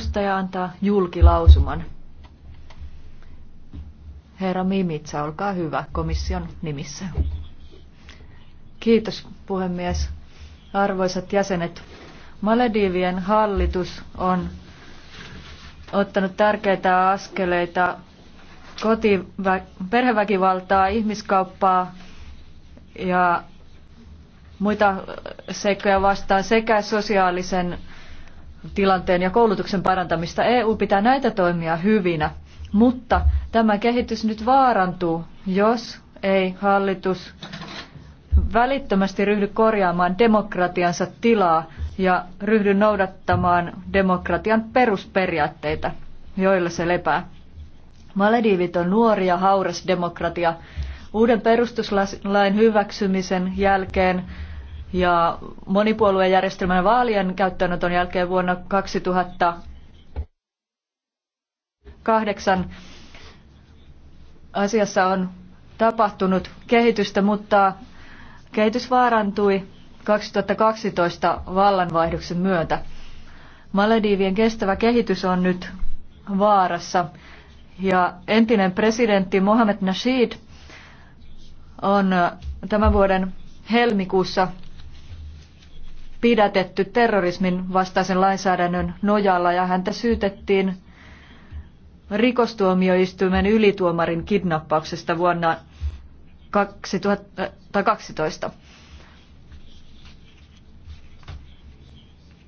edustaja antaa julkilausuman. Herra Mimitsa, olkaa hyvä komission nimissä. Kiitos puhemies. Arvoisat jäsenet, Maledivien hallitus on ottanut tärkeitä askeleita koti, perheväkivaltaa, ihmiskauppaa ja muita seikkoja vastaan sekä sosiaalisen tilanteen ja koulutuksen parantamista. EU pitää näitä toimia hyvinä, mutta tämä kehitys nyt vaarantuu, jos ei hallitus välittömästi ryhdy korjaamaan demokratiansa tilaa ja ryhdy noudattamaan demokratian perusperiaatteita, joilla se lepää. Malediivit on nuori ja hauras demokratia. Uuden perustuslain hyväksymisen jälkeen ja monipuoluejärjestelmän vaalien käyttöönoton jälkeen vuonna 2008 asiassa on tapahtunut kehitystä, mutta kehitys vaarantui 2012 vallanvaihdoksen myötä. Malediivien kestävä kehitys on nyt vaarassa ja entinen presidentti Mohamed Nasheed on tämän vuoden helmikuussa pidätetty terrorismin vastaisen lainsäädännön nojalla ja häntä syytettiin rikostuomioistuimen ylituomarin kidnappauksesta vuonna 2012.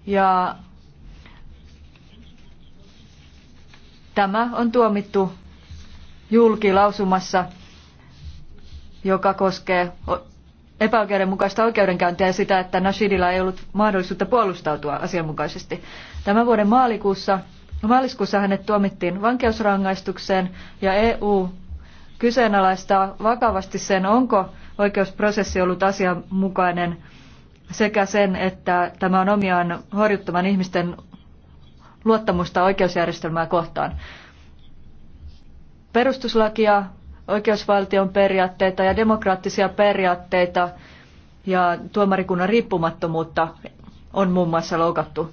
Ja tämä on tuomittu julkilausumassa, joka koskee epäoikeudenmukaista oikeudenkäyntiä ja sitä, että Nashidilla ei ollut mahdollisuutta puolustautua asianmukaisesti. Tämän vuoden maaliskuussa hänet tuomittiin vankeusrangaistukseen ja EU kyseenalaistaa vakavasti sen, onko oikeusprosessi ollut asianmukainen sekä sen, että tämä on omiaan horjuttamaan ihmisten luottamusta oikeusjärjestelmää kohtaan. Perustuslakia oikeusvaltion periaatteita ja demokraattisia periaatteita ja tuomarikunnan riippumattomuutta on muun muassa loukattu.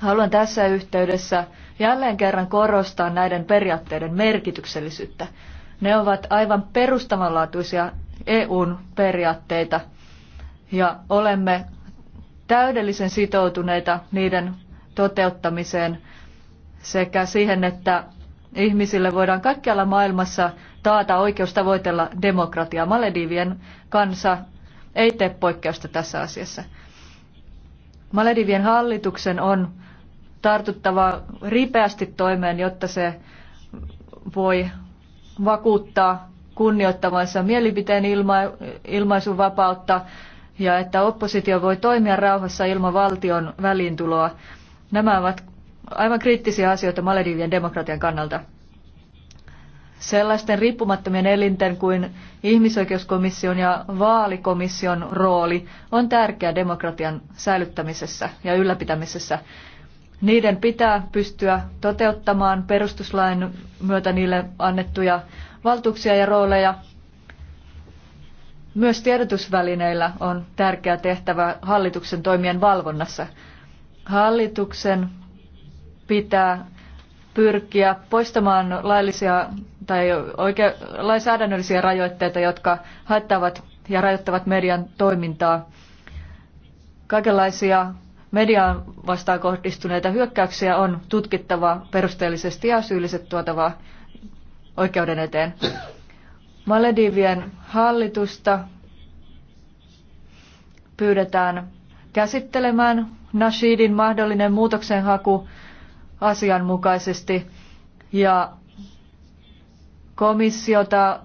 Haluan tässä yhteydessä jälleen kerran korostaa näiden periaatteiden merkityksellisyyttä. Ne ovat aivan perustavanlaatuisia EUn periaatteita ja olemme täydellisen sitoutuneita niiden toteuttamiseen sekä siihen, että ihmisille voidaan kaikkialla maailmassa taata oikeus tavoitella demokratiaa. Maledivien kansa ei tee poikkeusta tässä asiassa. Maledivien hallituksen on tartuttava ripeästi toimeen, jotta se voi vakuuttaa kunnioittavansa mielipiteen ilma, ilmaisuvapautta ja että oppositio voi toimia rauhassa ilman valtion väliintuloa. Nämä ovat aivan kriittisiä asioita Maledivien demokratian kannalta sellaisten riippumattomien elinten kuin ihmisoikeuskomission ja vaalikomission rooli on tärkeä demokratian säilyttämisessä ja ylläpitämisessä. Niiden pitää pystyä toteuttamaan perustuslain myötä niille annettuja valtuuksia ja rooleja. Myös tiedotusvälineillä on tärkeä tehtävä hallituksen toimien valvonnassa. Hallituksen pitää pyrkiä poistamaan laillisia tai oikea, lainsäädännöllisiä rajoitteita, jotka haittavat ja rajoittavat median toimintaa. Kaikenlaisia mediaan vastaan kohdistuneita hyökkäyksiä on tutkittava perusteellisesti ja syylliset tuotava oikeuden eteen. Maledivien hallitusta pyydetään käsittelemään Nashidin mahdollinen muutoksenhaku asianmukaisesti ja komissiota,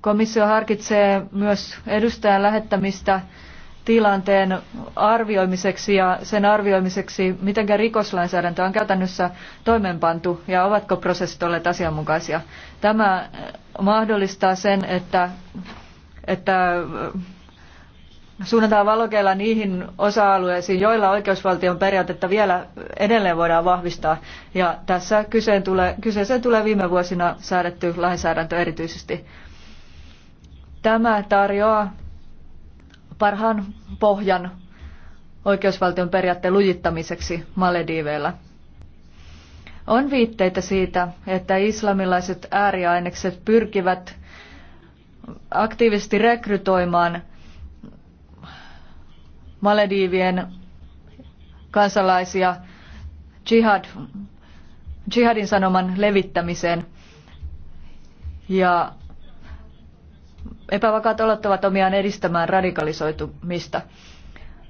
komissio harkitsee myös edustajan lähettämistä tilanteen arvioimiseksi ja sen arvioimiseksi, miten rikoslainsäädäntö on käytännössä toimeenpantu ja ovatko prosessit olleet asianmukaisia. Tämä mahdollistaa sen, että, että suunnataan valokeilla niihin osa-alueisiin, joilla oikeusvaltion periaatetta vielä edelleen voidaan vahvistaa. Ja tässä kyseeseen tulee viime vuosina säädetty lainsäädäntö erityisesti. Tämä tarjoaa parhaan pohjan oikeusvaltion periaatteen lujittamiseksi Malediiveilla. On viitteitä siitä, että islamilaiset ääriainekset pyrkivät aktiivisesti rekrytoimaan Malediivien kansalaisia jihad, jihadin sanoman levittämiseen. Ja epävakaat olot ovat omiaan edistämään radikalisoitumista.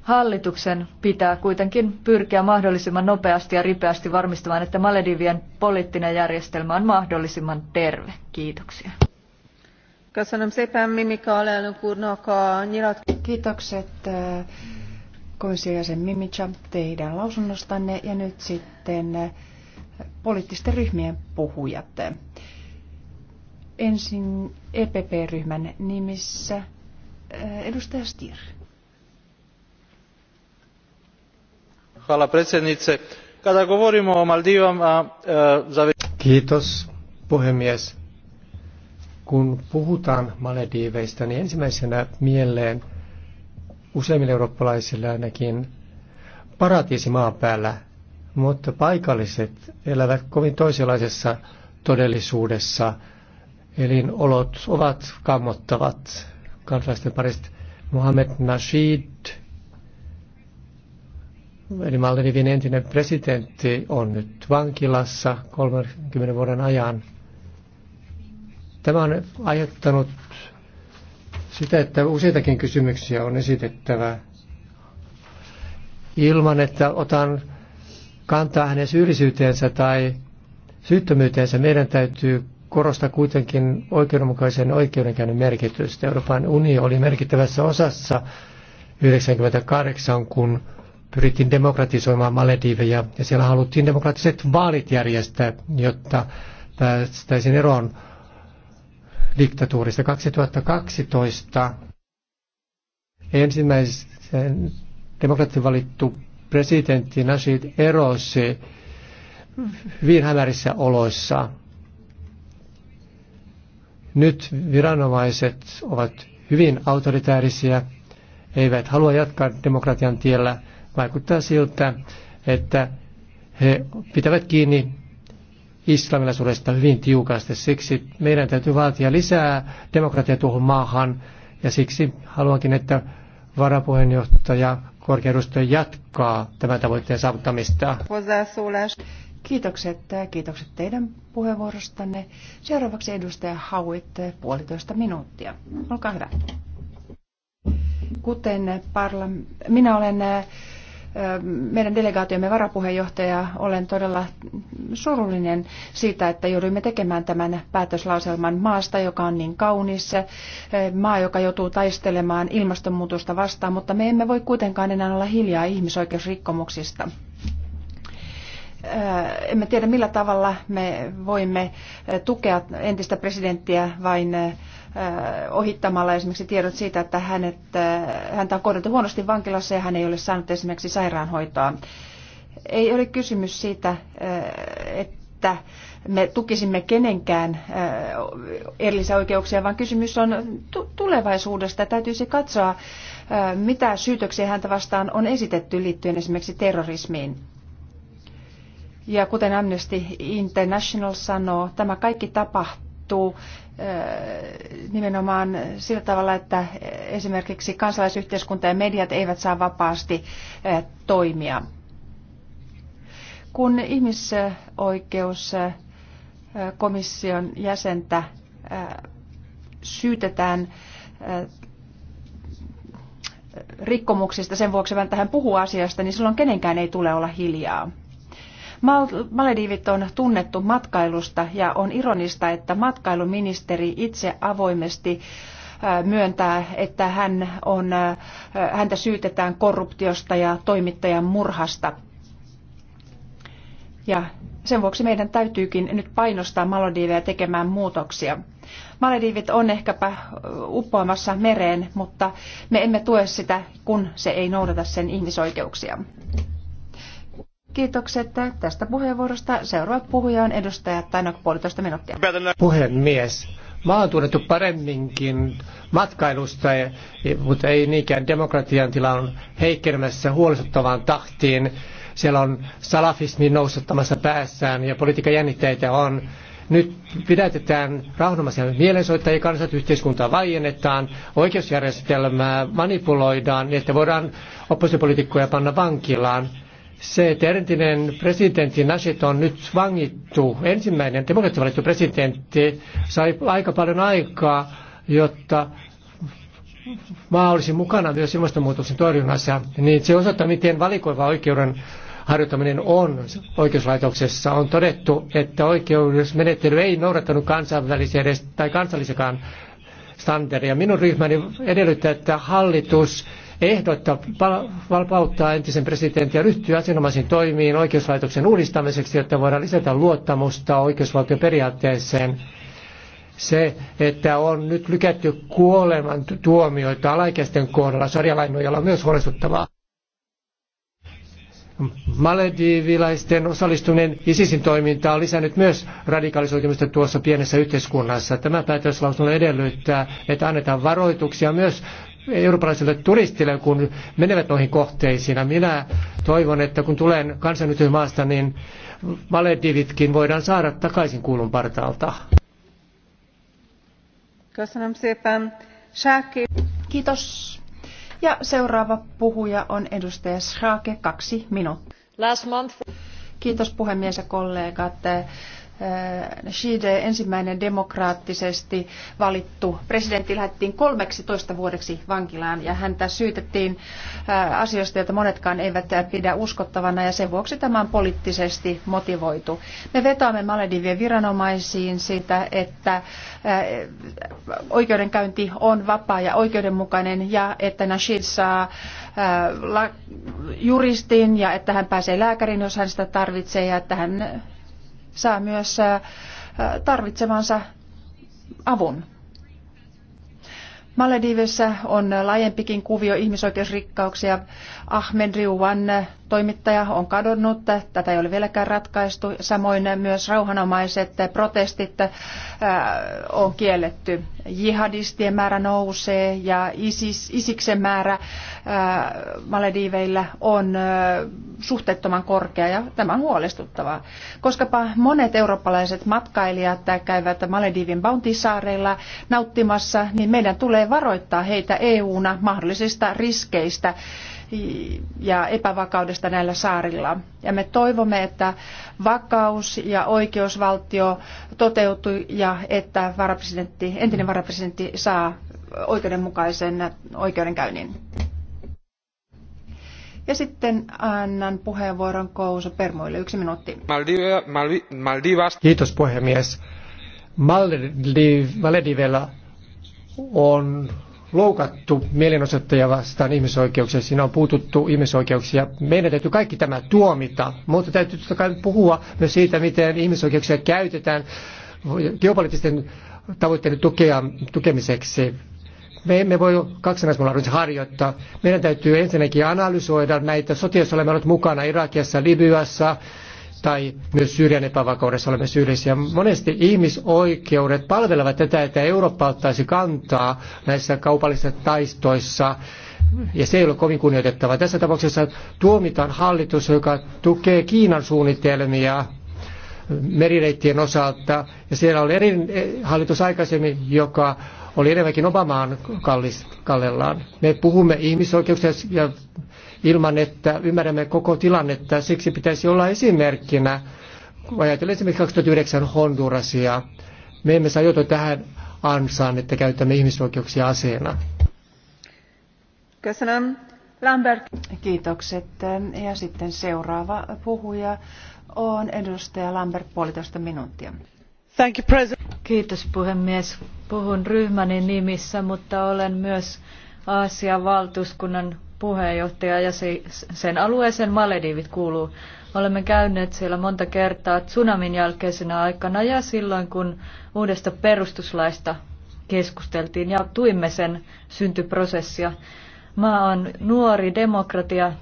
Hallituksen pitää kuitenkin pyrkiä mahdollisimman nopeasti ja ripeästi varmistamaan, että Maledivien poliittinen järjestelmä on mahdollisimman terve. Kiitoksia. Köszönöm szépen Kiitokset komission jäsen Mimicha teidän lausunnostanne ja nyt sitten eh, poliittisten ryhmien puhujat. Ensin EPP-ryhmän nimissä eh, edustaja Stier. Eh, Kiitos puhemies. Kun puhutaan Malediiveistä, niin ensimmäisenä mieleen – useimmille eurooppalaisille ainakin paratiisi maan päällä, mutta paikalliset elävät kovin toisenlaisessa todellisuudessa. Elinolot ovat kammottavat kansalaisten parista. Mohamed Nasheed, eli Maldivin entinen presidentti, on nyt vankilassa 30 vuoden ajan. Tämä on aiheuttanut sitä, että useitakin kysymyksiä on esitettävä ilman, että otan kantaa hänen syyllisyyteensä tai syyttömyyteensä. Meidän täytyy korostaa kuitenkin oikeudenmukaisen oikeudenkäynnin merkitystä. Euroopan unio oli merkittävässä osassa 1998, kun pyrittiin demokratisoimaan Malediiveja ja siellä haluttiin demokraattiset vaalit järjestää, jotta päästäisiin eroon diktatuurista 2012. Ensimmäisen demokraattisesti valittu presidentti Nasid erosi hyvin hämärissä oloissa. Nyt viranomaiset ovat hyvin autoritäärisiä, eivät halua jatkaa demokratian tiellä. Vaikuttaa siltä, että he pitävät kiinni islamilaisuudesta hyvin tiukasti. Siksi meidän täytyy vaatia lisää demokratiaa tuohon maahan ja siksi haluankin, että varapuheenjohtaja korkeudustaja jatkaa tämän tavoitteen saavuttamista. Kiitokset, kiitokset teidän puheenvuorostanne. Seuraavaksi edustaja Hauit, puolitoista minuuttia. Olkaa hyvä. Kuten parla- minä olen meidän delegaatiomme varapuheenjohtaja, olen todella surullinen siitä, että jouduimme tekemään tämän päätöslauselman maasta, joka on niin kaunis, maa, joka joutuu taistelemaan ilmastonmuutosta vastaan, mutta me emme voi kuitenkaan enää olla hiljaa ihmisoikeusrikkomuksista emme tiedä millä tavalla me voimme tukea entistä presidenttiä vain ohittamalla esimerkiksi tiedot siitä, että hänet, häntä on kohdeltu huonosti vankilassa ja hän ei ole saanut esimerkiksi sairaanhoitoa. Ei ole kysymys siitä, että me tukisimme kenenkään erillisiä oikeuksia, vaan kysymys on tulevaisuudesta. Täytyisi katsoa, mitä syytöksiä häntä vastaan on esitetty liittyen esimerkiksi terrorismiin. Ja kuten Amnesty International sanoo, tämä kaikki tapahtuu nimenomaan sillä tavalla, että esimerkiksi kansalaisyhteiskunta ja mediat eivät saa vapaasti toimia. Kun ihmisoikeuskomission jäsentä syytetään rikkomuksista sen vuoksi, että hän puhuu asiasta, niin silloin kenenkään ei tule olla hiljaa. Malediivit on tunnettu matkailusta ja on ironista, että matkailuministeri itse avoimesti myöntää, että hän on, häntä syytetään korruptiosta ja toimittajan murhasta. Ja sen vuoksi meidän täytyykin nyt painostaa Malediivejä tekemään muutoksia. Malediivit on ehkäpä uppoamassa mereen, mutta me emme tue sitä, kun se ei noudata sen ihmisoikeuksia. Kiitokset tästä puheenvuorosta. Seuraava puhuja on edustaja Tainok puolitoista minuuttia. Puhemies, mä oon tunnettu paremminkin matkailusta, mutta ei niinkään demokratian tila on heikkenemässä huolestuttavaan tahtiin. Siellä on salafismi noussuttamassa päässään ja politiikan on nyt pidätetään rauhanomaisia mielensoittajia, yhteiskuntaa vaiennetaan, oikeusjärjestelmää manipuloidaan, niin että voidaan oppositiopolitiikkoja panna vankilaan se, että entinen presidentti Nasit on nyt vangittu, ensimmäinen demokraattisesti presidentti, sai aika paljon aikaa, jotta maa olisi mukana myös ilmastonmuutoksen torjunnassa, niin se osoittaa, miten valikoiva oikeuden harjoittaminen on oikeuslaitoksessa. On todettu, että oikeusmenettely ei noudattanut kansainvälisiä edes, tai kansallisiakaan standardeja. Minun ryhmäni edellyttää, että hallitus ehdotta vapauttaa entisen presidentin ja ryhtyä asianomaisiin toimiin oikeuslaitoksen uudistamiseksi, jotta voidaan lisätä luottamusta oikeusvaltioperiaatteeseen. Se, että on nyt lykätty kuoleman tuomioita alaikäisten kohdalla sarjalain nojalla on myös huolestuttavaa. Malediivilaisten osallistuminen ISISin toimintaan on lisännyt myös radikalisoitumista tuossa pienessä yhteiskunnassa. Tämä päätöslausunto edellyttää, että annetaan varoituksia myös eurooppalaisille turistille, kun menevät noihin kohteisiin. ja Minä toivon, että kun tulen kansanyhtiömaasta, niin Maledivitkin voidaan saada takaisin kuulun partaalta. Kiitos. Ja seuraava puhuja on edustaja Schrake, kaksi minuuttia. Kiitos puhemies ja kollegat. Shide, äh, ensimmäinen demokraattisesti valittu presidentti, lähettiin 13 vuodeksi vankilaan ja häntä syytettiin äh, asioista, joita monetkaan eivät pidä uskottavana ja sen vuoksi tämä on poliittisesti motivoitu. Me vetoamme Maledivien viranomaisiin siitä, että äh, oikeudenkäynti on vapaa ja oikeudenmukainen ja että Nasheed saa juristin ja että hän pääsee lääkärin, jos hän sitä tarvitsee ja että hän saa myös tarvitsemansa avun. Malediivissä on laajempikin kuvio ihmisoikeusrikkauksia. Ahmed Riuan toimittaja on kadonnut, tätä ei ole vieläkään ratkaistu. Samoin myös rauhanomaiset protestit äh, on kielletty. Jihadistien määrä nousee ja ISIS, Isiksen määrä äh, Malediiveillä on äh, suhteettoman korkea ja tämä on huolestuttavaa. Koskapa monet eurooppalaiset matkailijat käyvät Malediivin saareilla nauttimassa, niin meidän tulee varoittaa heitä EU-na mahdollisista riskeistä ja epävakaudesta näillä saarilla. Ja me toivomme, että vakaus ja oikeusvaltio toteutuu ja että varapresidentti, entinen varapresidentti saa oikeudenmukaisen oikeudenkäynnin. Ja sitten annan puheenvuoron Kouso Permoille. Yksi minuutti. Maldive, Maldi, Maldivas. Kiitos puhemies. Maldivella on loukattu mielenosoittajia vastaan ihmisoikeuksia, siinä on puututtu ihmisoikeuksia. Meidän täytyy kaikki tämä tuomita, mutta täytyy totta kai puhua myös siitä, miten ihmisoikeuksia käytetään geopoliittisten tavoitteiden tukea, tukemiseksi. Me emme voi kaksinaismolaruudessa harjoittaa. Meidän täytyy ensinnäkin analysoida näitä sotia, joissa olemme olleet mukana Irakiassa, Libyassa, tai myös Syyrian epävakaudessa olemme syyllisiä. Monesti ihmisoikeudet palvelevat tätä, että Eurooppa ottaisi kantaa näissä kaupallisissa taistoissa, ja se ei ole kovin kunnioitettavaa. Tässä tapauksessa tuomitaan hallitus, joka tukee Kiinan suunnitelmia merireittien osalta, ja siellä oli eri eh, hallitus aikaisemmin, joka oli enemmänkin Obamaan kallis, kallellaan. Me puhumme ihmisoikeuksia ja ilman, että ymmärrämme koko tilannetta. Siksi pitäisi olla esimerkkinä. Ajatellaan esimerkiksi 2009 Hondurasia. Me emme saa joutua tähän ansaan, että käytämme ihmisoikeuksia aseena. Lambert. Kiitokset. Ja sitten seuraava puhuja on edustaja Lambert puolitoista minuuttia. Kiitos puhemies. Puhun ryhmäni nimissä, mutta olen myös Aasian valtuuskunnan puheenjohtaja ja sen alueeseen Maledivit kuuluu. Olemme käyneet siellä monta kertaa tsunamin jälkeisenä aikana ja silloin, kun uudesta perustuslaista keskusteltiin ja tuimme sen syntyprosessia. Maa on nuori demokratia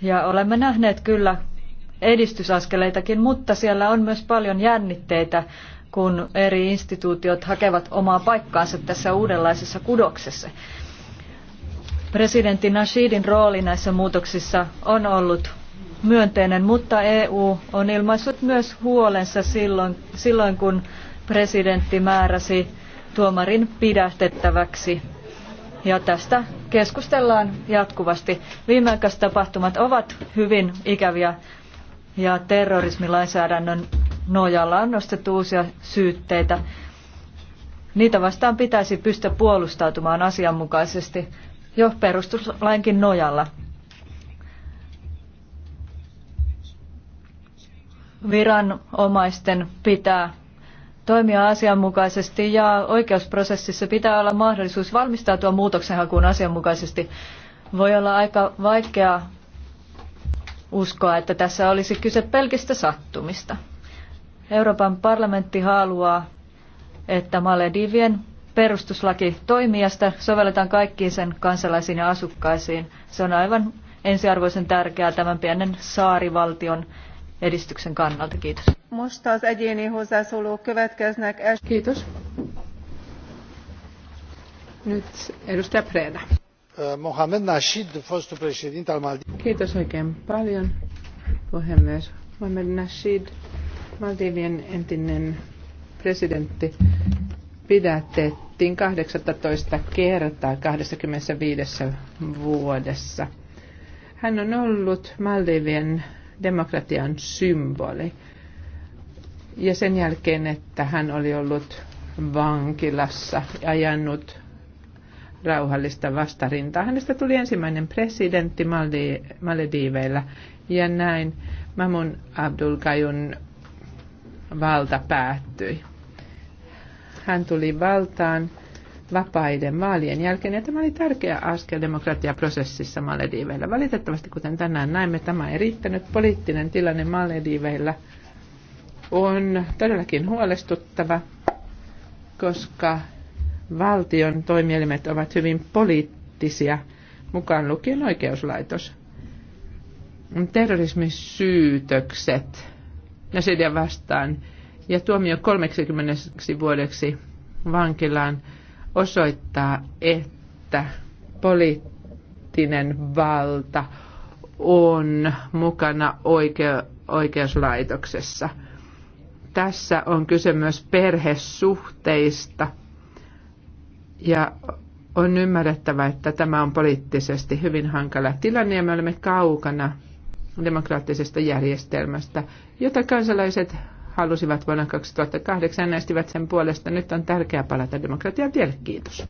ja olemme nähneet kyllä edistysaskeleitakin, mutta siellä on myös paljon jännitteitä, kun eri instituutiot hakevat omaa paikkaansa tässä uudenlaisessa kudoksessa. Presidentti Nashidin rooli näissä muutoksissa on ollut myönteinen, mutta EU on ilmaissut myös huolensa silloin, silloin kun presidentti määräsi tuomarin pidähtettäväksi. Ja tästä keskustellaan jatkuvasti. Viimeaikaiset tapahtumat ovat hyvin ikäviä ja terrorismilainsäädännön nojalla on nostettu uusia syytteitä. Niitä vastaan pitäisi pystyä puolustautumaan asianmukaisesti jo perustuslainkin nojalla. Viranomaisten pitää toimia asianmukaisesti ja oikeusprosessissa pitää olla mahdollisuus valmistautua muutoksenhakuun asianmukaisesti. Voi olla aika vaikeaa uskoa, että tässä olisi kyse pelkistä sattumista. Euroopan parlamentti haluaa, että Maledivien perustuslaki toimijasta sovelletaan kaikkiin sen kansalaisiin ja asukkaisiin. Se on aivan ensiarvoisen tärkeää tämän pienen saarivaltion edistyksen kannalta. Kiitos. Kiitos. Nyt edustaja Preda. Uh, Mohamed Nasheed, fostul președinte al Maldivelor. Kiitos oikein paljon, puhemies. Mohamed Nasheed, Maldivien entinen presidentti, pidätettiin 18 kertaa 25 vuodessa. Hän on ollut Maldivien demokratian symboli. Ja sen jälkeen, että hän oli ollut vankilassa, ajanut rauhallista vastarintaa. Hänestä tuli ensimmäinen presidentti Malediiveillä ja näin Mamun Abdul Kajun valta päättyi. Hän tuli valtaan vapaiden vaalien jälkeen, ja tämä oli tärkeä askel demokratiaprosessissa Malediiveillä. Valitettavasti, kuten tänään näemme, tämä ei riittänyt. Poliittinen tilanne Malediiveillä on todellakin huolestuttava, koska valtion toimielimet ovat hyvin poliittisia, mukaan lukien oikeuslaitos. Terrorismisyytökset Nasidia vastaan ja tuomio 30 vuodeksi vankilaan osoittaa, että poliittinen valta on mukana oike- oikeuslaitoksessa. Tässä on kyse myös perhesuhteista – ja on ymmärrettävä, että tämä on poliittisesti hyvin hankala tilanne ja me olemme kaukana demokraattisesta järjestelmästä, jota kansalaiset halusivat vuonna 2008 äänestivät sen puolesta. Nyt on tärkeää palata demokratian tielle. Kiitos.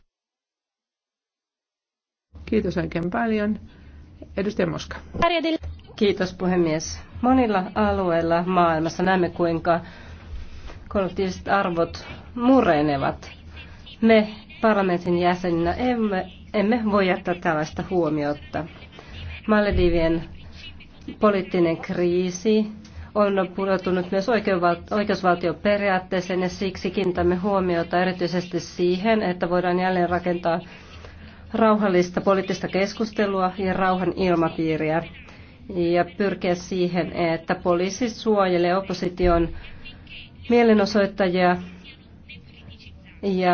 Kiitos oikein paljon. Edustaja Moska. Kiitos puhemies. Monilla alueilla maailmassa näemme, kuinka kollektiiviset arvot murenevat. Me parlamentin jäseninä emme, emme voi jättää tällaista huomiota. Maledivien poliittinen kriisi on pudotunut myös oikeusvaltioperiaatteeseen ja siksi kiinnitämme huomiota erityisesti siihen, että voidaan jälleen rakentaa rauhallista poliittista keskustelua ja rauhan ilmapiiriä ja pyrkiä siihen, että poliisi suojelee opposition mielenosoittajia ja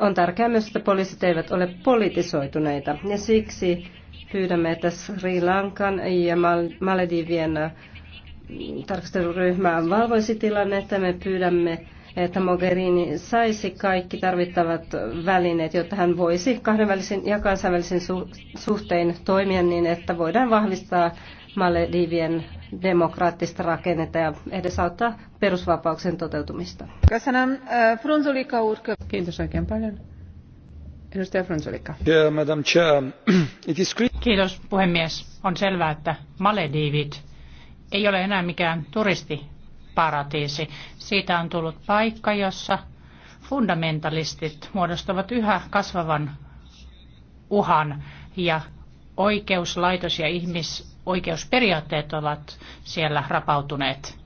on tärkeää myös, että poliisit eivät ole politisoituneita. Ja siksi pyydämme, että Sri Lankan ja Maledivien tarkasteluryhmä valvoisi tilannetta. Me pyydämme että Mogherini saisi kaikki tarvittavat välineet, jotta hän voisi kahdenvälisin ja kansainvälisin suhteen toimia niin, että voidaan vahvistaa Maledivien demokraattista rakennetta ja edesauttaa perusvapauksen toteutumista. Kiitos oikein paljon. Edustaja Frunzulika. Kiitos puhemies. On selvää, että Maledivit ei ole enää mikään turisti paratiisi. Siitä on tullut paikka, jossa fundamentalistit muodostavat yhä kasvavan uhan ja oikeuslaitos ja ihmisoikeusperiaatteet ovat siellä rapautuneet.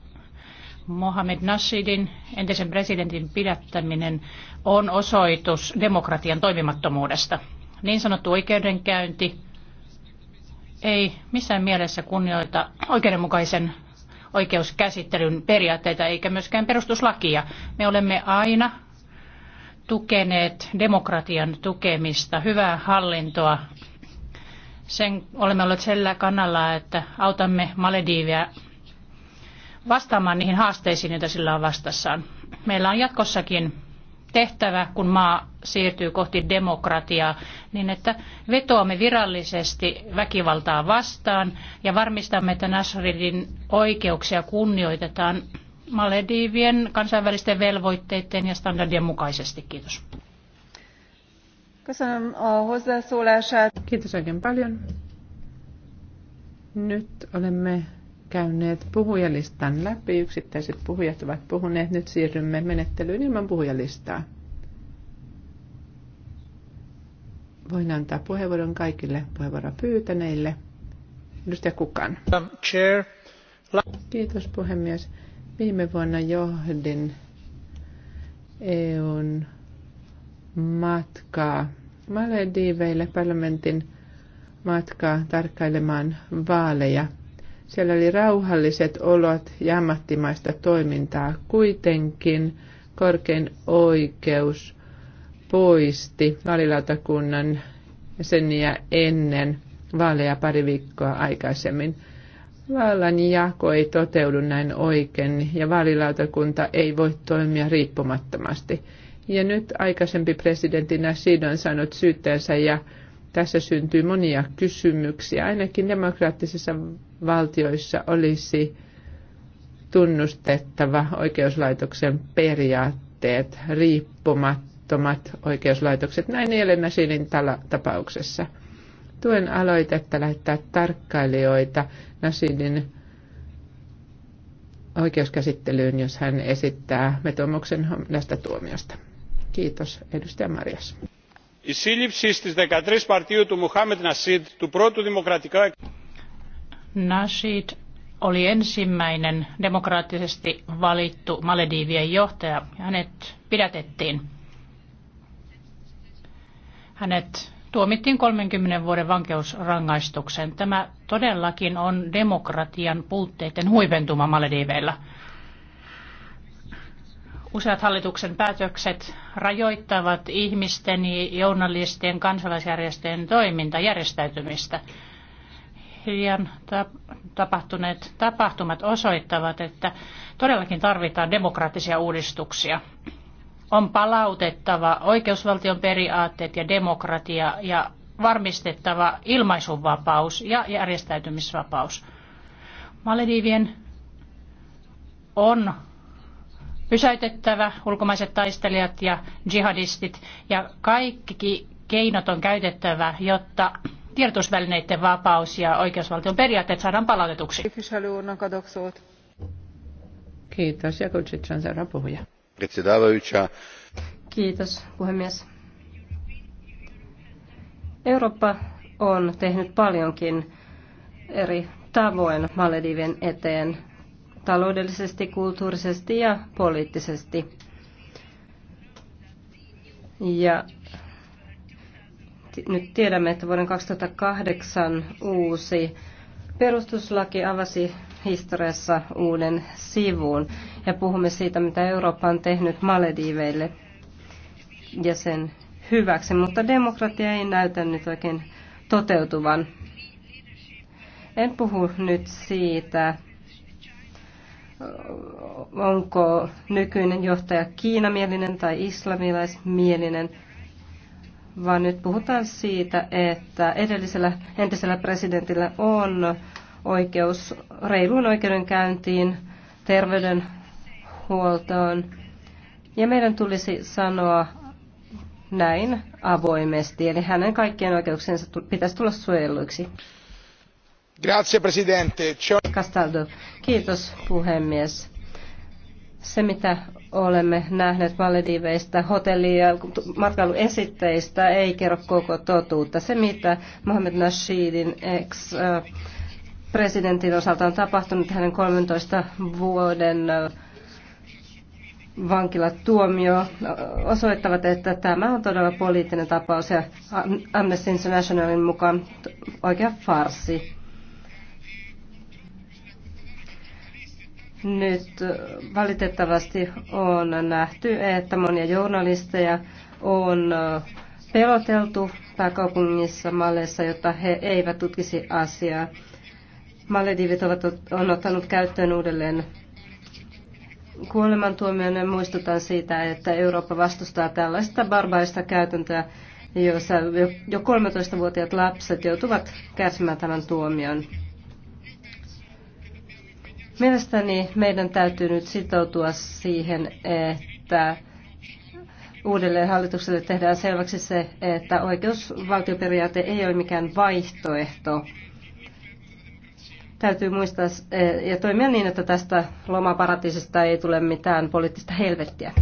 Mohamed Nasidin entisen presidentin pidättäminen on osoitus demokratian toimimattomuudesta. Niin sanottu oikeudenkäynti ei missään mielessä kunnioita oikeudenmukaisen oikeuskäsittelyn periaatteita eikä myöskään perustuslakia. Me olemme aina tukeneet demokratian tukemista, hyvää hallintoa. Sen olemme olleet sillä kannalla, että autamme Malediivia vastaamaan niihin haasteisiin, joita sillä on vastassaan. Meillä on jatkossakin tehtävä, kun maa siirtyy kohti demokratiaa, niin että vetoamme virallisesti väkivaltaa vastaan ja varmistamme, että Nasridin oikeuksia kunnioitetaan Malediivien kansainvälisten velvoitteiden ja standardien mukaisesti. Kiitos. Kiitos oikein paljon. Nyt olemme käyneet puhujalistan läpi. Yksittäiset puhujat ovat puhuneet. Nyt siirrymme menettelyyn ilman puhujalistaa. Voin antaa puheenvuoron kaikille puheenvuoron pyytäneille. Edustaja Kukan. Chair. Kiitos puhemies. Viime vuonna johdin EUn matkaa Malediiveille parlamentin matkaa tarkkailemaan vaaleja – siellä oli rauhalliset olot ja ammattimaista toimintaa. Kuitenkin korkein oikeus poisti sen jäseniä ennen vaaleja pari viikkoa aikaisemmin. Vallan jako ei toteudu näin oikein ja vaalilautakunta ei voi toimia riippumattomasti. Ja nyt aikaisempi presidentti Nasheed on saanut syytteensä ja tässä syntyy monia kysymyksiä. Ainakin demokraattisissa valtioissa olisi tunnustettava oikeuslaitoksen periaatteet, riippumattomat oikeuslaitokset. Näin ei ole Nasinin tapauksessa. Tuen aloitetta lähettää tarkkailijoita Nasinin oikeuskäsittelyyn, jos hän esittää vetomuksen tästä tuomiosta. Kiitos, edustaja Marjas η σύλληψη στις 13 Μαρτίου του Μουχάμετ Νασίτ, του πρώτου δημοκρατικά... Nasheed oli ensimmäinen demokraattisesti valittu Maledivien johtaja. Hänet pidätettiin. Hänet tuomittiin 30 vuoden vankeusrangaistuksen. Tämä todellakin on demokratian puutteiden huipentuma Malediveillä. Useat hallituksen päätökset rajoittavat ihmisten, journalistien, kansalaisjärjestöjen toimintaa järjestäytymistä. Hiljan tapahtuneet tapahtumat osoittavat, että todellakin tarvitaan demokraattisia uudistuksia. On palautettava oikeusvaltion periaatteet ja demokratia ja varmistettava ilmaisuvapaus ja järjestäytymisvapaus. Maledivien on pysäytettävä ulkomaiset taistelijat ja jihadistit ja kaikki keinot on käytettävä, jotta tiedotusvälineiden vapaus ja oikeusvaltion periaatteet saadaan palautetuksi. Kiitos. Ja Kutsitsan seuraava puhuja. Kiitos, puhemies. Eurooppa on tehnyt paljonkin eri tavoin Maledivien eteen taloudellisesti, kulttuurisesti ja poliittisesti. Ja nyt tiedämme, että vuoden 2008 uusi perustuslaki avasi historiassa uuden sivun ja puhumme siitä, mitä Eurooppa on tehnyt Malediiveille ja sen hyväksi, mutta demokratia ei näytä nyt oikein toteutuvan. En puhu nyt siitä, onko nykyinen johtaja kiinamielinen tai islamilaismielinen, vaan nyt puhutaan siitä, että edellisellä entisellä presidentillä on oikeus reiluun oikeudenkäyntiin, terveydenhuoltoon. Ja meidän tulisi sanoa näin avoimesti, eli hänen kaikkien oikeuksensa pitäisi tulla suojelluiksi. Castaldo. Kiitos puhemies. Se mitä olemme nähneet Malediveista, hotelli- ja matkailuesitteistä ei kerro koko totuutta. Se mitä Mohamed Nasheedin ex-presidentin osalta on tapahtunut hänen 13 vuoden äh, vankilatuomio äh, osoittavat, että tämä on todella poliittinen tapaus ja Amnesty Internationalin mukaan oikea farsi. Nyt valitettavasti on nähty, että monia journalisteja on peloteltu pääkaupungissa Maleessa, jotta he eivät tutkisi asiaa. Maledivit ovat, on ottanut käyttöön uudelleen kuolemantuomion ja muistutan siitä, että Eurooppa vastustaa tällaista barbaista käytäntöä, jossa jo 13-vuotiaat lapset joutuvat kärsimään tämän tuomion. Mielestäni meidän täytyy nyt sitoutua siihen, että uudelleen hallitukselle tehdään selväksi se, että oikeusvaltioperiaate ei ole mikään vaihtoehto. Täytyy muistaa eh, ja toimia niin, että tästä lomaparatiisista ei tule mitään poliittista helvettiä.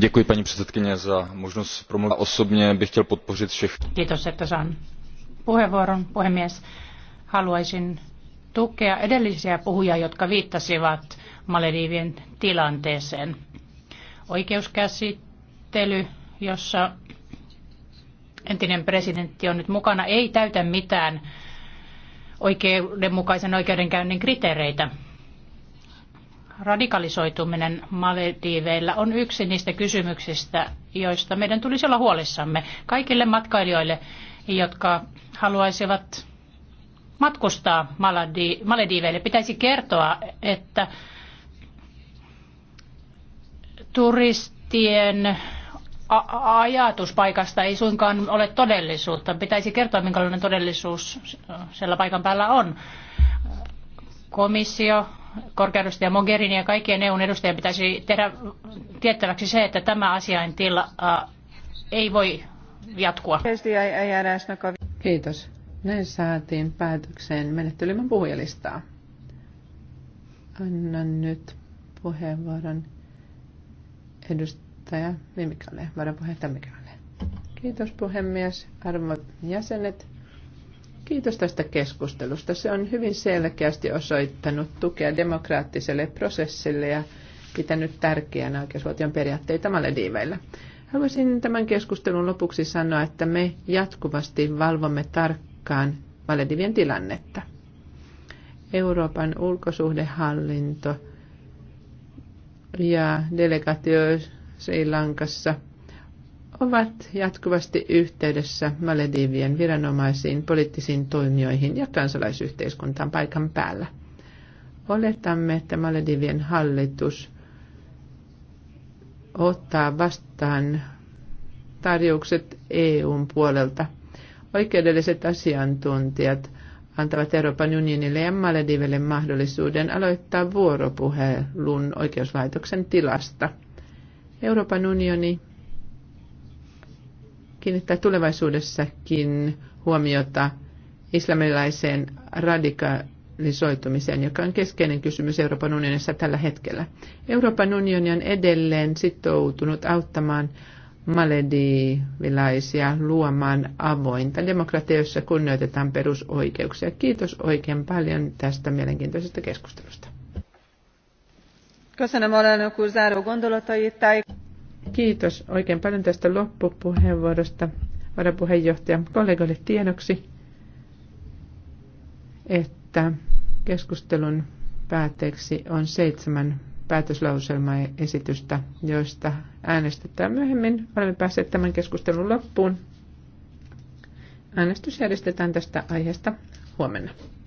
Děkuji paní předsedkyně za možnost promluvit. Osobně bych chtěl podpořit všech. Kiitos, että saan puheenvuoron, puhemies. Haluaisin tukea edellisiä puhujia, jotka viittasivat Maledivien tilanteeseen. Oikeuskäsittely, jossa entinen presidentti on nyt mukana, ei täytä mitään oikeudenmukaisen oikeudenkäynnin kriteereitä. Radikalisoituminen Malediiveillä on yksi niistä kysymyksistä, joista meidän tulisi olla huolissamme. Kaikille matkailijoille, jotka haluaisivat matkustaa Malediiveille. Pitäisi kertoa, että turistien ajatus paikasta ei suinkaan ole todellisuutta. Pitäisi kertoa, minkälainen todellisuus siellä paikan päällä on. Komissio, korkeudustaja Mogherini ja kaikkien EUn edustajien pitäisi tehdä tiettäväksi se, että tämä asiaintila äh, ei voi jatkua. Kiitos. Näin saatiin päätökseen menettelymän puhujalistaa. Annan nyt puheenvuoron edustaja Mimikalle, varapuheenjohtaja Mimikalle. Kiitos puhemies, arvot jäsenet. Kiitos tästä keskustelusta. Se on hyvin selkeästi osoittanut tukea demokraattiselle prosessille ja pitänyt tärkeänä oikeusvaltion periaatteita Malediiveillä. Haluaisin tämän keskustelun lopuksi sanoa, että me jatkuvasti valvomme tarkkaan tarkkaan Maledivien tilannetta. Euroopan ulkosuhdehallinto ja delegaatio Sri Lankassa ovat jatkuvasti yhteydessä Maledivien viranomaisiin, poliittisiin toimijoihin ja kansalaisyhteiskuntaan paikan päällä. Oletamme, että Maledivien hallitus ottaa vastaan tarjoukset EUn puolelta – Oikeudelliset asiantuntijat antavat Euroopan unionille ja Maledivelle mahdollisuuden aloittaa vuoropuhelun oikeuslaitoksen tilasta. Euroopan unioni kiinnittää tulevaisuudessakin huomiota islamilaiseen radikalisoitumiseen, joka on keskeinen kysymys Euroopan unionissa tällä hetkellä. Euroopan unioni on edelleen sitoutunut auttamaan maledivilaisia luomaan avointa demokratia, jossa kunnioitetaan perusoikeuksia. Kiitos oikein paljon tästä mielenkiintoisesta keskustelusta. Kiitos oikein paljon tästä loppupuheenvuorosta, varapuheenjohtaja. Kollegoille tiedoksi, että keskustelun päätteeksi on seitsemän päätöslauselmaesitystä, joista äänestetään myöhemmin. Olemme päässeet tämän keskustelun loppuun. Äänestys järjestetään tästä aiheesta huomenna.